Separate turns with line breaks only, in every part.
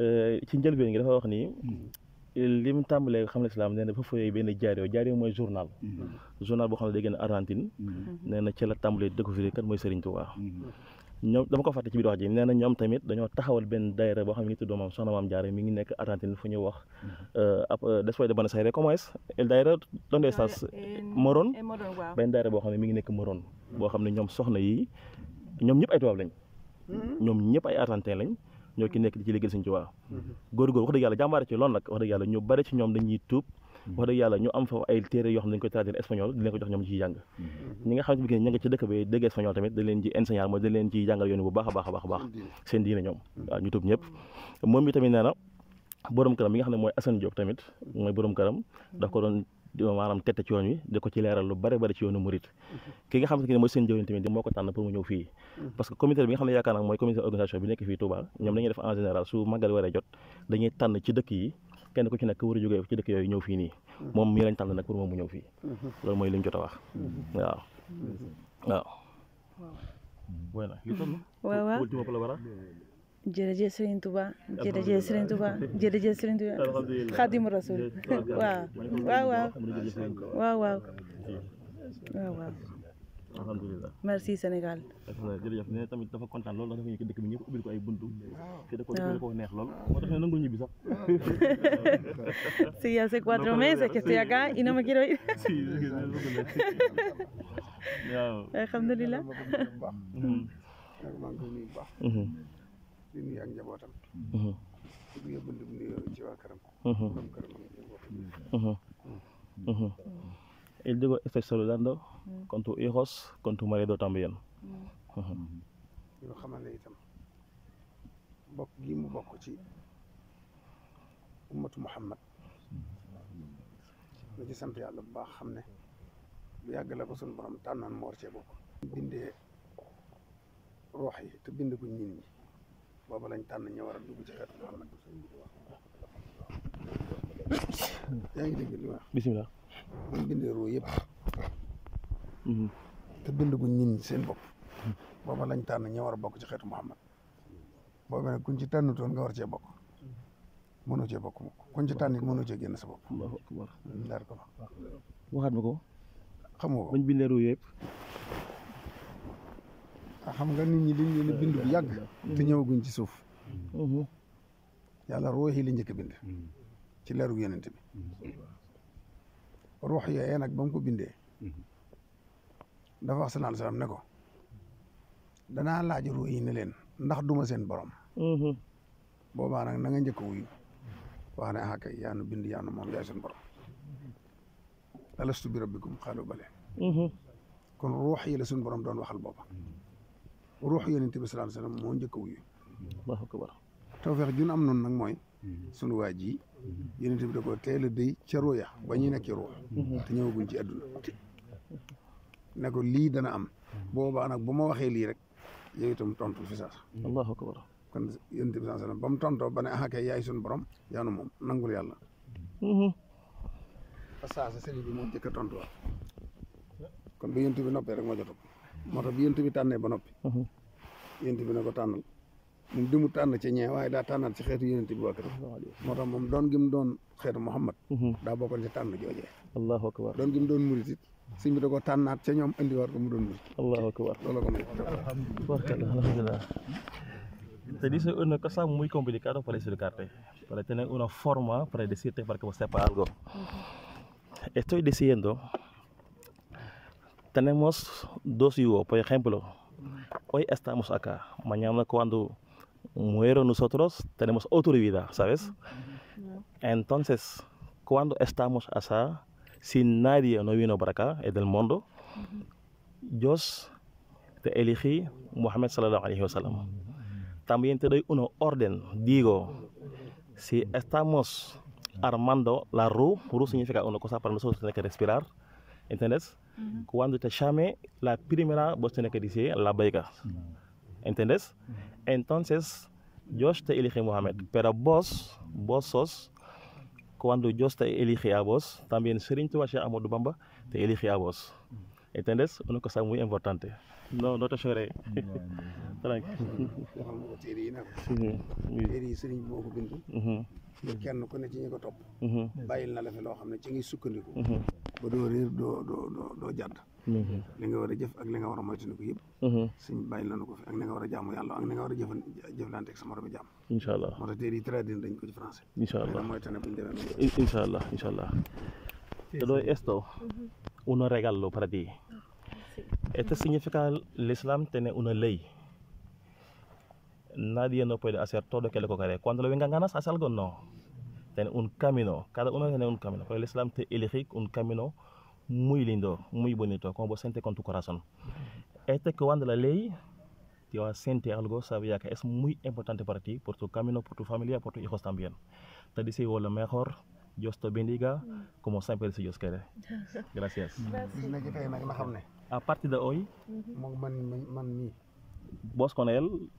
Euh, ci njëlbeen gi dafa wax nii mm-hmm. li mu tàmbalee xam lislaam nee na dafa fooyee benn jaare jaario mooy journal mm-hmm. journal boo xam ne day génn Argentine mm-hmm. nee na ci la tàmbalee découvrir kan mooy Serigne waa ñoom dama ko fàtte ci biir wax ji nee na ñoom tamit dañoo taxawal benn daayira boo xam ne ngi tudd maam soxna maam jaare mi ngi nekk Argentine fu ñu wax euh, ab euh, después de Buenos Aires comment est el daayira donde moroon ah, Morón benn daayira boo xam ne mi ngi nekk moroon boo xam ne ñoom soxna yi ñoom ñëpp ay tubaab lañ ñoom ñëpp ay argentin lañ ñoo ci nekk di ci liggéey Sëñ Tuubaa mm-hmm. góor-góor wax dëgg yàlla jàmbaare ci loolu nag wax dëgg yàlla ñu bari ci ñoom dañuy tuub mm-hmm. wax dëgg yàlla ñu am fa ay téere yoo xam ne dañu koy traduire espagnol ko jox ñoom mm-hmm. dañ leen ci enseigner mooy dañ leen ci jàngal yoon bu baax a baax a baax a baax seen diine ñoom waaw ñu tuub ñëpp moom bi tamit nee na borom këram bi nga xam ne mooy Assane Diop tamit mooy borom këram daf ko doon maanaam tette ci yoon wi di ko ci leeral lu bëri bëri ci yoonu murit ki nga xamante ne mooy seen jëwriñ tamit moo ko tànn pour mu ñëw fii mhm. parce que comité bi nga xam ne yaakaar naa mooy comité bi nekk fii Touba ñoom dañuy def en général su màggal waree jot dañuy tànn ci dëkk yi kenn ku ci nekk war a jógee ci dëkk yooyu ñëw fii nii mhm. moom mii lañ tànn nag pour moom mu ñëw fii mhm. loolu mooy li jot a wax waaw
jërëjëf Serigne Touba jërëjëf Serigne Touba
jërëjëf Serigne Touba Xaadimu Rasuul waaw waaw waaw waaw waaw waaw waaw alhamdulilah merci Sénégal jërëjëf ne tamit dafa kontaan lool ndax dafa ñëw dëkk bi ñëpp ubbil ko ay buntu te da ko da ko neex lool moo tax ne nangul ñibbi sax si hace cuatro meses que estoy acá y no me quiero ir
waaw alhamdulilah di nuyu ak njabootam. di uh-huh. yóbbu ndum nuyoo ci waa këram. borom uh-huh. këram ak njabootam.
El llegó estoy saludando con tus hijos, con tu marido también.
yoo bokk gi mu bokk ci ummatu Muhammad na ci sant yàlla bu baax xam ne bu yàgg la ko suñu borom tànnoon mu war cee bokk. bindee roox yi te bind ko ñi. boobu lañ tànn ñu war a dugg ci xeetu Muhammad sëriñ bi di wax yaa ngi bisimilah buñ bindee ruu yëpp mhm. te bind guñ nit seen bopp booba lañ tànn ñu war a bokk ci xeetu Muhammad boobu nag kuñ ci tànnutoon nga war cee bokk mënoo cee bokk mukk ci tànn it mënoo cee génn sa bopp. Allahu akbar. ndaar ko waxaat ma ko. xamoo ko buñ xam nga nit ñi dañ leen a bind bu yàgg te ñëwaguñ ci suuf mhm. yàlla ruux yi la njëkk bind ci leeru yonent bi ruux nag ba ko bindee dafa wax sallallahu ne ko danaa laaj ruux yi leen ndax duma seen borom mhm. boobaa nag na nga wuyu wax ne ah kay yaa nu bind yaa nu moom yaay seen borom alastu bi rabbikum xaalu bale mhm. kon ruux la suñu borom doon waxal booba ruux yonent bi sallallahu alayhi wasallam moo njëkk a wuyu. allahu akbar tawfeex jun am noonu nag mooy. Mm-hmm. sunu waa ji yonent bi da ko teel a dëy ca ruya ba ñuy nekk ruux. Mm-hmm. te ñëwaguñ ci àdduna. ne ko lii dana am. boo boobaa nag bu ma waxee lii rek yow itam tontu fi sax. allahu akbar kon yonent bi sallallahu alayhi ba mu tontoo ba ne ah kay yaay sunu borom yaanu moom nangul yàlla. parce mm-hmm. que sëriñ bi moo njëkk a kon bu yonent bi noppee rek moo jot moo tax bi yonent bi tànnee ba noppi mhm. yonent bi ne ko tànnal moom dimu tànn ci ñee waaye daa tànnal ci xeetu yonent bi waa kër moo tax moom doon gi mu doon xeetu Muhammad mhm. daa bokkoon ci tànn joojee allahu akbar doon gi mu doon murit it sëñ bi da ko tànnaat ñoom indiwaat ko mu doon murit allahu akbar loolu ko may alhamdulillah
Jadi sebenarnya kesan muy complicado para ese lugar. Para tener una forma para decirte para que vos te algo. Estoy diciendo tenemos dos hijos, por ejemplo. Hoy estamos acá, mañana cuando muero nosotros tenemos otra vida, ¿sabes? Entonces, cuando estamos allá, si nadie no vino para acá, del mundo, Dios te elegí, Muhammad sallallahu alayhi wa sallam. te doy una orden, digo, si estamos armando la RU, RU significa una cosa para nosotros, tiene que respirar, ¿entiendes? kuanduta mm-hmm. shame la primera bostenekadisie labayka mm-hmm. entendés mm-hmm. entonces Dios te elige Mohamed pero vos vos sos cuando Dios te elige a vos también Serigne Touba Cheikh Ahmadou Bamba te elige a ¿Entendés? Una cosa muy importante. No, no te lloré. Tranquilo.
téere yi sëriñ bi ko bind. te kenn ku ne ci ñi ko topp. bàyyil na la loo xam ne ci ngi sukkandiku. ba doo réer doo doo doo doo jàdd. nga war a jëf ak li nga war a moytandiku yëpp. suñ bàyyi ko fi ak ni nga war a jaamu yàlla ak ni nga a jëfan jëflante ak sa moromu jaam. incha allah moo tax allah te
dooy esto. uno regalo para ti. Sí. Esto significa el Islam tiene una ley. Nadie no puede hacer todo lo que le quiere. Cuando le vengan ganas, hace algo, no. un camino, cada uno tiene un camino. Pero el te elige un camino muy lindo, muy bonito, como vos sientes con tu corazón. Este que van la ley, te a sentir algo, sabía que es muy importante para ti, por tu camino, por tu familia, por tus hijos también. Te dice lo mejor Dios te bendiga, mm. como siempre si Dios quiere. Gracias. A partir de hoy,
mm -hmm.
vos con él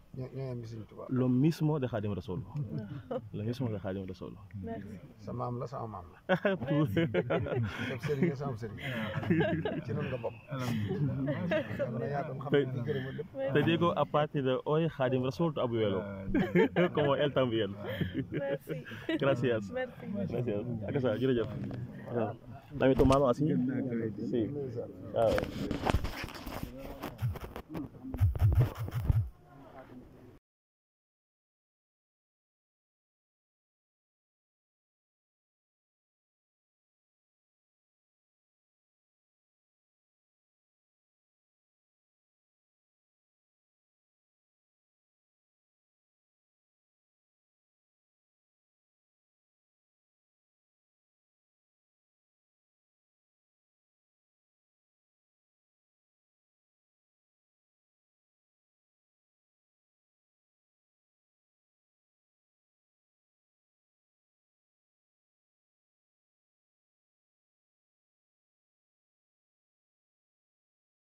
lo mismo de Xaadim Rasul lo mismo de Xaadim Rasul
sa maam la te
digo a partir de hoy Xaadim Rasul tu abuelo como él también gracias gracias akasa jërëjëf dame tu mano así sí